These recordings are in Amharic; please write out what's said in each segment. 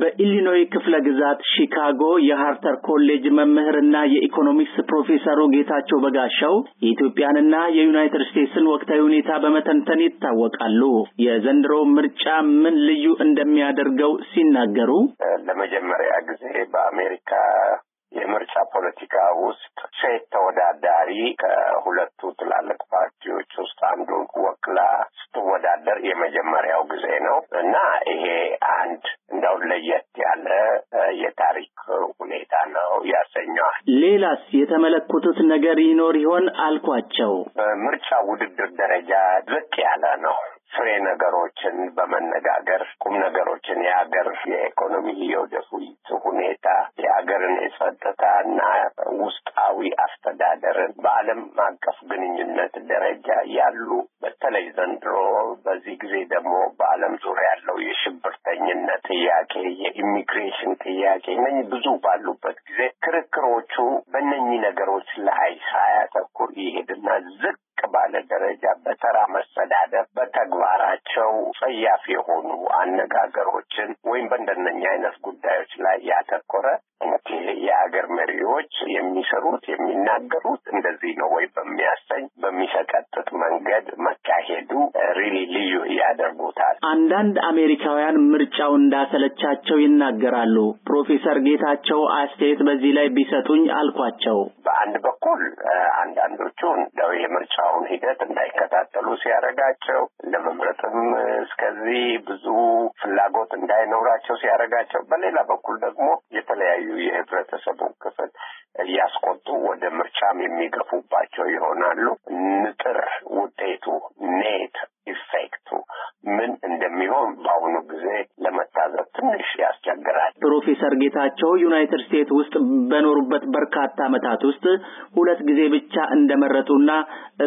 በኢሊኖይ ክፍለ ግዛት ሺካጎ የሃርተር ኮሌጅ መምህርና የኢኮኖሚክስ ፕሮፌሰሩ ጌታቸው በጋሻው የኢትዮጵያንና የዩናይትድ ስቴትስን ወቅታዊ ሁኔታ በመተንተን ይታወቃሉ። የዘንድሮ ምርጫ ምን ልዩ እንደሚያደርገው ሲናገሩ ለመጀመሪያ ጊዜ በአሜሪካ የምርጫ ፖለቲካ ውስጥ ሴት ተወዳዳሪ ከሁለቱ ትላልቅ ፓርቲዎች ውስጥ አንዱን ወክላ ስትወዳደር የመጀመሪያው ጊዜ ነው እና ይሄ ለየት ያለ የታሪክ ሁኔታ ነው ያሰኘዋል። ሌላስ የተመለከቱት ነገር ይኖር ይሆን አልኳቸው። ምርጫ ውድድር ደረጃ ዝቅ ያለ ነው። ፍሬ ነገሮችን በመነጋገር ቁም ነገሮችን የሀገር የኢኮኖሚ የወደፊት ሁኔታ የሀገርን እና ውስጣዊ አስተዳደርን በዓለም አቀፍ ግንኙነት ደረጃ ያሉ በተለይ ዘንድሮ በዚህ ጊዜ ደግሞ በዓለም ዙሪያ ያለው የሽብርተኝነት ጥያቄ፣ የኢሚግሬሽን ጥያቄ እነህ ብዙ ባሉበት ጊዜ ክርክሮቹ በእነኚህ ነገሮች ላይ ሳያተኩር ይሄድና ዝቅ ባለ ደረጃ በተራ መሰዳደር፣ በተግባራቸው ጸያፍ የሆኑ አነጋገሮችን ወይም በእንደነኛ አይነት ጉዳዮች ላይ ያተኮረ እንግዲህ የሀገር መሪዎች የሚሰሩት የሚናገሩት እንደዚህ ነው ወይ በሚያሰኝ በሚሰቀጥጥ መንገድ መካሄዱ ሪሊ ልዩ ያደርጉታል። አንዳንድ አሜሪካውያን ምርጫው እንዳሰለቻቸው ይናገራሉ። ፕሮፌሰር ጌታቸው አስተያየት በዚህ ላይ ቢሰጡኝ አልኳቸው። በአንድ በኩል አንዳንዶቹ እንደው የምርጫውን ሂደት እንዳይከታተሉ ሲያደርጋቸው ለመምረጥም እስከዚህ ብዙ ፍላጎት እንዳይኖራቸው ሲያደርጋቸው፣ በሌላ በኩል ደግሞ የተለያዩ የህብረተሰቡ ክፍል እያስ ወደ ምርጫም የሚገፉባቸው ይሆናሉ። ንጥር ውጤቱ ኔት ኢፌክቱ ምን እንደሚሆን በአሁኑ ጊዜ ለመታዘብ ትንሽ ያስቸግራል። ፕሮፌሰር ጌታቸው ዩናይትድ ስቴትስ ውስጥ በኖሩበት በርካታ ዓመታት ውስጥ ሁለት ጊዜ ብቻ እንደመረጡና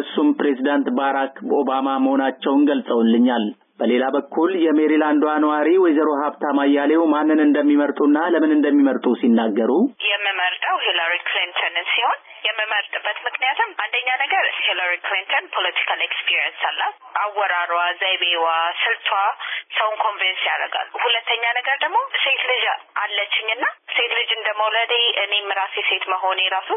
እሱም ፕሬዚዳንት ባራክ ኦባማ መሆናቸውን ገልጸውልኛል። በሌላ በኩል የሜሪላንዷ ነዋሪ ወይዘሮ ሀብታም አያሌው ማንን እንደሚመርጡና ለምን እንደሚመርጡ ሲናገሩ የምመርጠው ሂላሪ ክሊንተንን ሲሆን የምመርጥበት ምክንያትም አንደኛ ነገር ሂላሪ ክሊንተን ፖለቲካል ኤክስፒሪየንስ አላት። አወራሯ፣ ዘይቤዋ፣ ስልቷ ሰውን ኮንቬንስ ያደርጋሉ። ሁለተኛ ነገር ደግሞ ሴት ልጅ አለችኝና ሴት ልጅ እንደ መውለዴ እኔም ራሴ ሴት መሆኔ ራሱ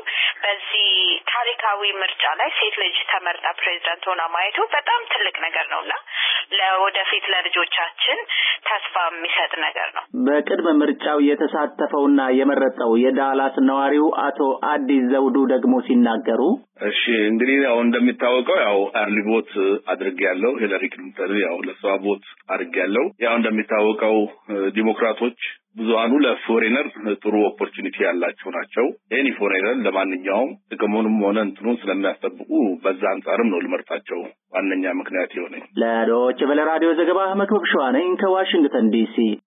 በዚህ ታሪካዊ ምርጫ ላይ ሴት ልጅ ተመርጣ ፕሬዚዳንት ሆና ማየቱ በጣም ትልቅ ነገር ነውና ለወደፊት ለልጆቻችን ተስፋ የሚሰጥ ነገር ነው። በቅድመ ምርጫው የተሳተፈውና የመረጠው የዳላስ ነዋሪው አቶ አዲስ ዘውዱ ደግሞ ሲናገሩ እሺ እንግዲህ ያው እንደሚታወቀው ያው አርሊ ቦት አድርግ ያለው ሂለሪ ክሊንተን ያው ለሷ ቦት አድርግ ያለው ያው እንደሚታወቀው ዲሞክራቶች ብዙሀኑ ለፎሬነር ጥሩ ኦፖርቹኒቲ ያላቸው ናቸው። ኤኒ ፎሬነር ለማንኛውም ጥቅሙንም ሆነ እንትኑን ስለሚያስጠብቁ በዛ አንጻርም ነው ልመርጣቸው ዋነኛ ምክንያት የሆነኝ። ለዶች ቨለ ራዲዮ ዘገባ መክበብ ሸዋ ነኝ ከዋ Washington, D.C.